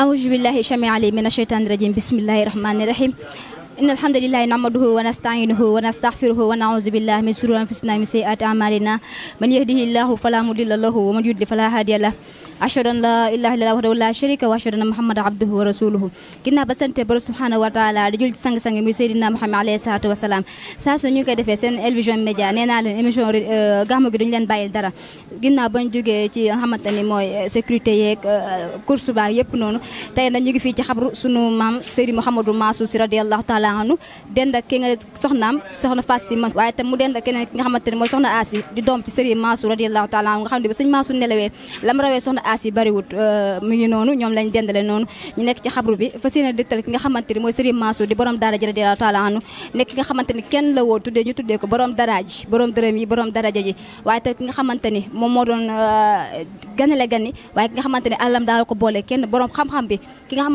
أعوذ بالله الشميع علي من الشيطان الرجيم بسم الله الرحمن الرحيم إن الحمد لله نعمده ونستعينه ونستغفره ونعوذ بالله من شرور أنفسنا ومن سيئات أعمالنا من يهده الله فلا مضل له ومن يضلل فلا هادي له أشهد أن لا إله إلا الله وحده لا شريك وأشهد أن محمد عبده ورسوله ginnaaw ba sante borom subhanahu wa taala di jul ci sang sang mi seydina Muhammad alayhi salaatu wa salaam saa su ñu koy defee seen El Vision Média nee naa leen émission gàmmu gi duñu leen bàyyil dara ginnaaw bañ jógee ci nga xamante ni mooy sécurité yeeg course baa yëpp noonu tey nag ñu ngi fii ci xabru sunu maam Seydi Mouhamadou Mansour Sy radiyallahu taala anhu dend ak ki nga soxnaam soxna Fass Sy Mansour waaye tam mu dend ak keneen ki nga xamante ni mooy soxna Asi di doom ci Seydi Mansour radiyallahu taala anhu nga xam ne ba sëñ Mansour nelawee lam rawee soxna aas yi bariwut euh, mu ngi noonu ñoom lañ dendale noonu ñu nekk ci xabru bi fas yéene dëttal ki nga xamante ni mooy Serigne Mansour di borom daraja radiyallahu taala anhu nekk ki nga xamante ni kenn moom moo doon ganale gan yi waaye ki nga xamante ni xam-xam bi ki nga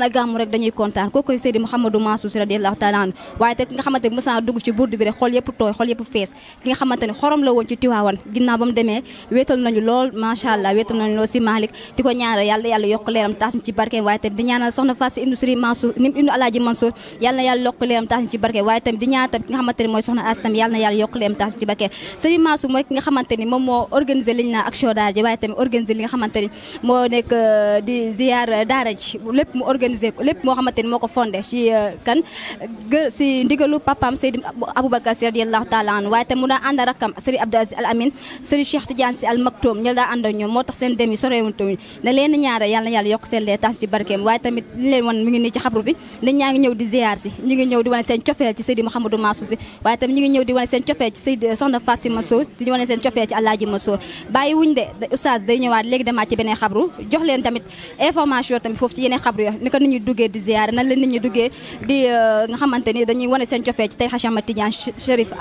a gàmmu rek dañuy kontaan kooku Serigne Mouhamadou Mansour si radiyallahu taala anhu waaye te ki nga xamante ni a dugg ci burdu bi rek xool yëpp tooy xool yëpp fees ki nga xamante xorom la woon ci Tiwaawan ginnaaw demee wéetal nañu lool macha allah wéetal si Malick di ko ñaanal yàlla yàlla yokk leeram taas ñu ci barkeem waaye tamit di ñaanal soxna Fass ibnu Sëriñ Mansour ibnu Alaaji Mansour yàlla na yàlla yokk leeram taas ñu ci barkeem waaye tamit di ñaanal tamit ki nga xamante ni mooy soxna As tamit yàlla na yàlla yokk leeram taas ñu ci barkeem Sëriñ Mansour mooy ki nga xamante ni moom moo organiser liñ naa action daara ji waaye tamit organiser li nga xamante ni moo nekk euh, di ziar euh, daara ji lépp mu organiser ko lépp moo xamante ni moo ko fondé ci euh, kan gër si ndigalu papaam Seydi Aboubacar si radiyallahu taala anhu waaye tamit mu daa ànd rakkam Sëriñ Abdou Aziz Al Amin Sëriñ Cheikh Tidiane si Al Maktoum ñu daa ànd ñoom moo tax seen demi sorewuñ tamit da leen ñaara yàlla na yàlla yokk seen lee tas de oustaz day ñëwaat léegi demaat ci xabru jox leen tamit information tamit foofu ci yeneen xabru yo ni ko nit ñi duggee di ziar nan la euh, wane seen cofeel ci tarixa Cheikh Ahmad Tidiane Chérif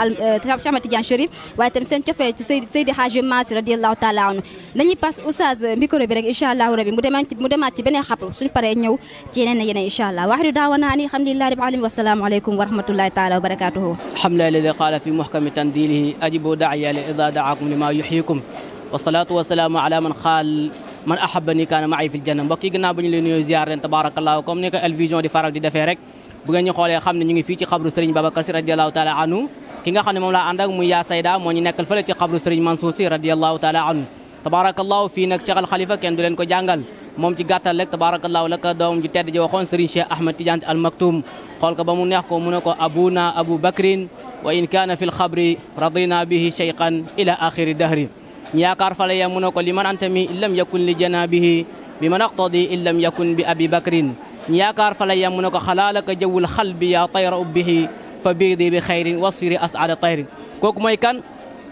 euh, Cheikh pass oustaz micro bi rek incha allahu rabi mu demaat mu demaat ci beneen xabru suñ paree ñëw ci yeneen yeneen incha allah waaxiru daawana ani alhamdulillahi rabbil alamin wassalaamu aleykum wa rahmatullahi taala wa barakatuhu alhamdulillahi alladi qala fi muhkami tanzilihi ajibu daaya li ida daakum lima yuhyikum wasalaatu wasalaamu ala man xaal man ahabani kaana maay fil janna mbokk yi gannaaw ba ñu leen nuyoo ziar leen tabarakallahu comme ni ko El Vision di faral di defee rek bu ngeen ñu xoolee xam ne ñu ngi fii ci xabru Serigne Babacar Sy radiallahu taala anhu ki nga xam ne moom laa ànd ak muy yaa sayda moo ñu nekkal fële ci xabru Serigne Mansour Sy radiallahu taala anhu tabaarakallaahu fii nag Cheikh Al Khalifa kenn du leen ko jàngal moom ci gàttal rek tabaarakallaahu la ko doom ju tedd ji waxoon Serigne Cheikh Ahmed Tidiane Al Maktoum xool ko ba mu neex ko mu ne ko abuna abu bakrin wa in kaana fi lxabri radina bihi cheykhan ila axiri dahri ñu yaakaar fala ya mu ne ko li man antami in lam yakun li janabihi bi man aqtadi in lam yakun bi abi bakrin ñu yaakaar fala ya mu ne ko xalaalaka jawul xalbi yaa tayra ubbihi fa biidi bi xayrin wasiri asada tayri kooku mooy kan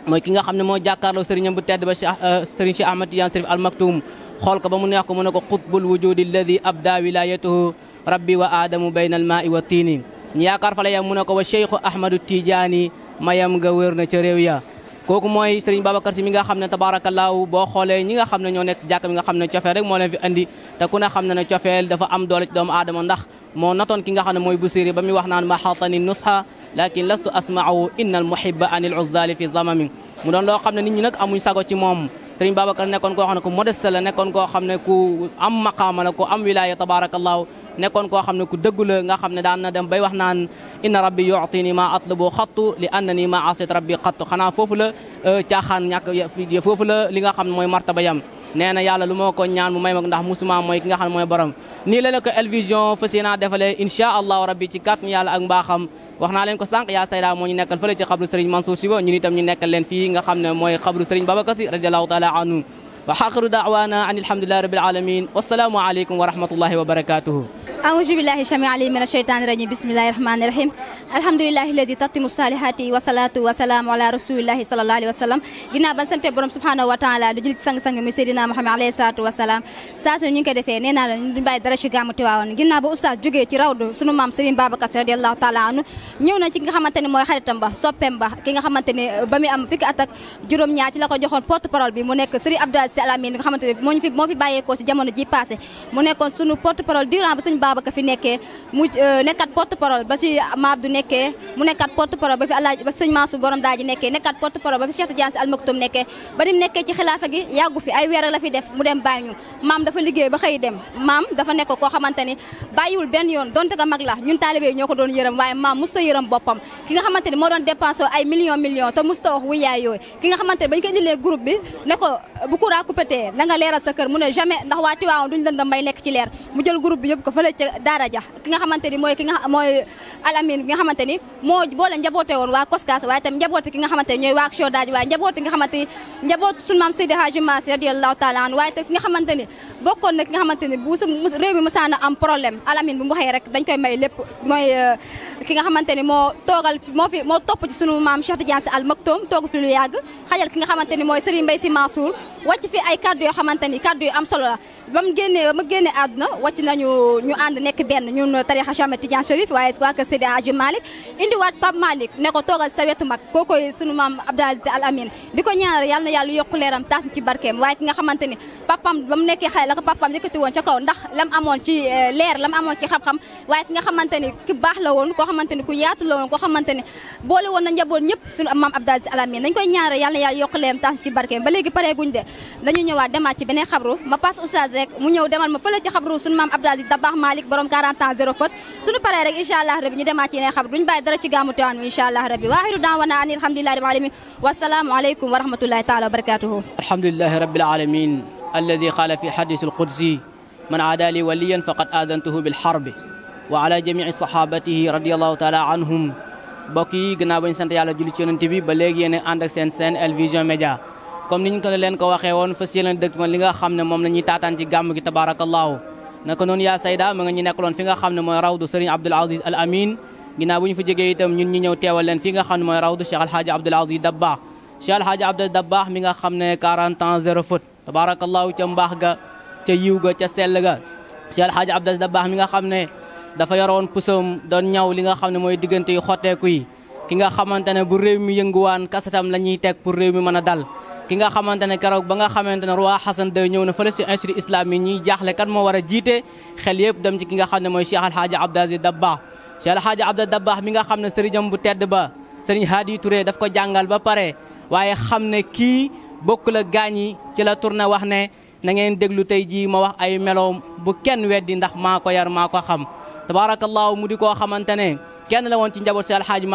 mooy ki nga xam ne moo jàkkaarloo sëriñam bu tedd ba euh, sëriñ Cheikh Ahmad Tidiane Chérif Al Maktoum xool ko ba mu neex ko mu ne ko qutbul wujudi alladi abda wilayatuhu rabbi wa aadamu bayna almaai wa tiini ñu yaakaar fa yam mu ne ko wa cheikhu ahmadu tidiani mayam nga wér na ca réew ya kooku mooy sëriñ Babacar si mi nga xam ne tabaarakallaahu boo xoolee ñi nga xam ne ñoo nekk jàkk mi nga xam ne cofeel rek moo leen fi andi te ku ne xam ne ne cofeel مو نتون كي موي بوسيري بامي واخ نان ما حاطني النصحه لكن لست اسمع ان المحب عن العذال في ظلم مو دون لو خا نني نك اموي ساغو تي موم سيرين بابكر نيكون كو خا نكو مودست لا نيكون كو خا نكو ام مقام نكو ام ولايه تبارك الله نيكون كو خا نكو دغلو غا خا دان دم باي واخ نان ان ربي يعطيني ما اطلب خط لانني ما عصيت ربي قط خنا فوفو لا تياخان نياك فوفو ليغا خا موي مرتبه يام neena yàlla lu moko ñaan mu may mak ndax musuma moy ki nga xam moy borom ni la la ko El Vision fas yéenaa defalee rabbi ci kàttanu yàlla ak mbaaxam wax naa leen ko sank ya sayda mo ñu nekkal fële ci xabru Serigne Mansour sibo ba ñun itam ñu nekkal len fi nga xamne moy mooy Serigne babakar Sy radiallahu taala anhu وحاخر دعوانا عن الحمد لله رب العالمين والسلام عليكم ورحمة الله وبركاته أعوذ بالله الشميع العليم من الشيطان الرجيم بسم الله الرحمن الرحيم الحمد لله الذي تتم الصالحات والصلاة والسلام على رسول الله صلى الله عليه وسلم جنا بنسنت بروم سبحانه وتعالى دجل سانغ سانغ مسيرنا محمد عليه الصلاة والسلام ساس نين كده في نينا درش جام تواون جنا بو جوجي تي راود مام سيرين بابا كسر رضي الله تعالى عنه نيونا تي كيغا خامتاني موي خاريتام با با كيغا خامتاني بامي ام فيك اتاك جوروم نياتي لاكو جوخون بورت بارول بي مو نيك Sy Al Amine nga xamante ne moo ñu fi moo fi si jamono ji passé mu nekkoon sunu porte parole durant ba sëñ Babacar fi nekkee euh, nekkat porte parole ba si Maabdou nekkee mu nekkat porte parole ba fi sëñ Mansour borom daa ji nekkat porte parole ba fi Cheikh Tidiane Sy Al Maktoum nekkee ba nim nekkee ci xilaafa gi yàggu fi ay weer fi def mu dem bàyyi maam dafa liggéey ba xëy dem maam dafa nekk koo xamante ni benn yoon donte ko mag la ñun taalibe yi ñoo ko doon yërëm waaye coupétee la nga leeral sa kër mu ne jamais ndax waa Tiwaawan duñ lëndëm bay nekk ci leer mu jël groupe bi yëpp ko fële ca daara ki nga ni mooy ki nga mooy alamine bi nga xamante ni moo boole njaboote woon waa Koskas waaye tam njaboote ki nga xamante ni ñooy waa Chod daaj waaye njaboote nga xamante ni radiyallahu taala an waaye tam ki nga xamante ni bokkoon na ki nga xamante ni bu réew mi mësaan a am problème alamine bu mu waxee rek dañ koy may lépp mooy euh, ki nga ni moo toogal moo fi moo topp ci sunu maam Cheikh Tidiane Sy Al Maktoum toog fi lu yàgg xajal ki nga xamante ni mooy Serigne Mbaye Sy Mansour wàcc fi ay kàddu yoo xamante ni kàddu yu am solo la ba mu génne ba mu génnee àdduna wàcc nañu ñu ànd nekk benn ñun tarixa Cheikh Tidiane Chérif waaye waa kër Seydi Hadji Malick indiwaat Pape Malick ne ko toogal sa wetu mag kookoy sunu maam Abdou Aziz Al Amin di ko ñaanal yàlla na yokk yokk leeram taas ci barkeem waaye ki nga xamante ni papam ba mu nekkee xale la ko papam yëkkati woon ca kaw ndax lam amoon ci eh, leer lam amoon ci xam-xam waaye ki nga xamante ni ki baax la woon koo xamante ni ku yaatu la xamante ni boole woon na njaboot ñëpp sunu maam Abdou Aziz Al koy ñaanal yàlla na yokk leeram taas ci barkeem ba léegi pareeguñ de na ñëwaat demaat ci beneen xabru ma passe oustaz rek mu ñëw demal ma fële ci xabru suñu maam Abdou Aziz Dabakh Malick borom 40 ans zéro faute suñu rabbi ñu demaat ci xabru duñu bàyyi dara ci gàmmu Tiwaawan incha rabbi waaxiru daawana wa rahmatullahi taala wa barakatuhu alhamdulillahi rabbil alamin alladi qaala fi xadis alqudsi man aada li waliyan faqad aadantuhu ba El Vision Média comme niñ ko leen ko waxee woon fas yéene dëkk ma li nga xam ne moom la ñuy taataan ci gàmm gi tabaarakallaahu naka noonu yaa sayda ma nga ñu nekk loon fi nga xam ne mooy rawdu Serigne Abdoul Aziz Al Amin ginnaaw bu ñu fa jógee ñun ñi ñëw teewal leen fi nga xam ne mooy rawdu Cheikh Alhaaji Abdoul Aziz Dabakh Cheikh Alhaaji Abdoul Dabakh mi nga xam ne 40 ans zéro foot tabaarakallaahu ca mbaax ga ca yiw ga ca sell ga Cheikh Alhaaji Abdoul Aziz Dabakh mi nga xam ne dafa yoroon pusam doon ñaw li nga xam ne mooy diggante yu xotteeku yi ki nga xamante ne bu réew mi yënguwaan kasatam la ñuy teg pour réew mi mën a dal ki nga xamante ne keroog ba nga xamante ne roi Hassan II ñëw na fële si institut islam yi ñuy jaaxle kan moo war a jiite xel yëpp dem ci ki nga xam ne mooy Cheikh Al Hadj Abdou Aziz Dabakh Cheikh Al Hadj mi nga xam ne sëriñam bu tedd ba sëriñ Hadi Touré daf ko jàngal ba pare waaye xam ne kii bokk la gaañ yi ci la tourné wax ne na ngeen déglu tey jii ma wax ay meloom bu kenn weddi ndax maa ko yar maa ko xam tabaarakallaahu mu di koo xamante ne kenn la woon ci njaboot Cheikh Al Hadj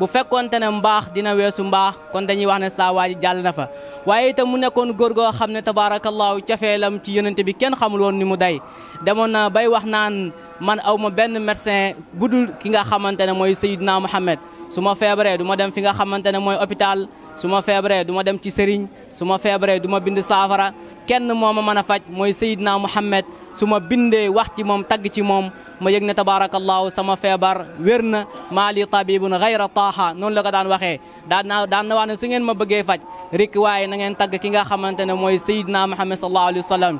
bu fekkoonte ne mbaax dina weesu mbaax kon dañuy wax ne saa waa ji jàll na fa waaye itam mu nekkoon góor goo xam ne tabaarakallaahu cafeelam ci yonente bi kenn xamul woon ni mu day demoon na bay wax naan man aw ma benn médecin bu dul ki nga xamante ne mooy Seydina Muhammad su ma feebaree du ma dem fi nga xamante ne mooy hôpital su ma feebaree duma dem ci sëriñ su ma feebaree du ma bind saafara كن موما ما نفاج موي سيدنا محمد سوما بنده وقتي موم تاغ موم ما يغنا تبارك الله سما فيبر ورنا مالي طبيب غير طاحه نون لا دان واخي دان دان وانا سوغن ما بغي فاج ريك واي نغن تاغ كيغا خمانتني موي سيدنا محمد صلى الله عليه وسلم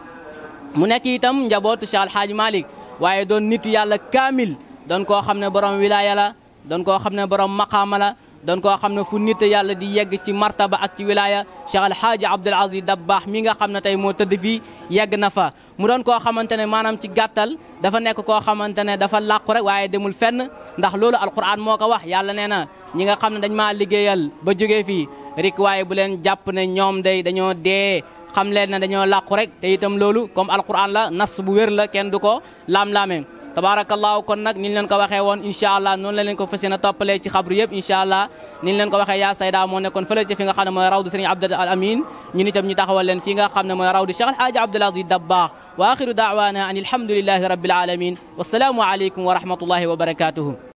مو نيكي تام جابوت شيخ الحاج مالك واي دون نيت يالا كامل دون كو خامني بروم ولايه لا دون كو خامني بروم مقام لا doon koo xam ne fu nit yàlla di yegg ci martaba ak ci wilaya Cheikh Al Hadj Abdoul Aziz Dabakh mi nga xam ne tey moo tëdd fii yegg na fa. mu doon koo xamante ne maanaam ci gàttal dafa nekk koo xamante ne dafa làqu rek waaye demul fenn ndax loolu alquran moo ko wax yàlla nee na ñi nga xam ne dañu maa liggéeyal ba jóge fii rik waaye bu leen jàpp ne ñoom day dañoo dee. xam leen ne dañoo làqu rek te itam loolu comme alquran la nas bu wér la kenn du ko laam-laamee تبارك الله كون نك نين لن كو واخي وون ان شاء الله نون لا لن كو فاسينا توبلي سي خبر ييب ان شاء الله نين لن كو واخي يا سيدا مو نيكون فلا سي فيغا خامن موي راود سيرني عبد الامين ني ني تام ني تاخوال لن فيغا خامن موي راود شيخ الحاج عبد الله الدباخ واخر دعوانا ان الحمد لله رب العالمين والسلام عليكم ورحمه الله وبركاته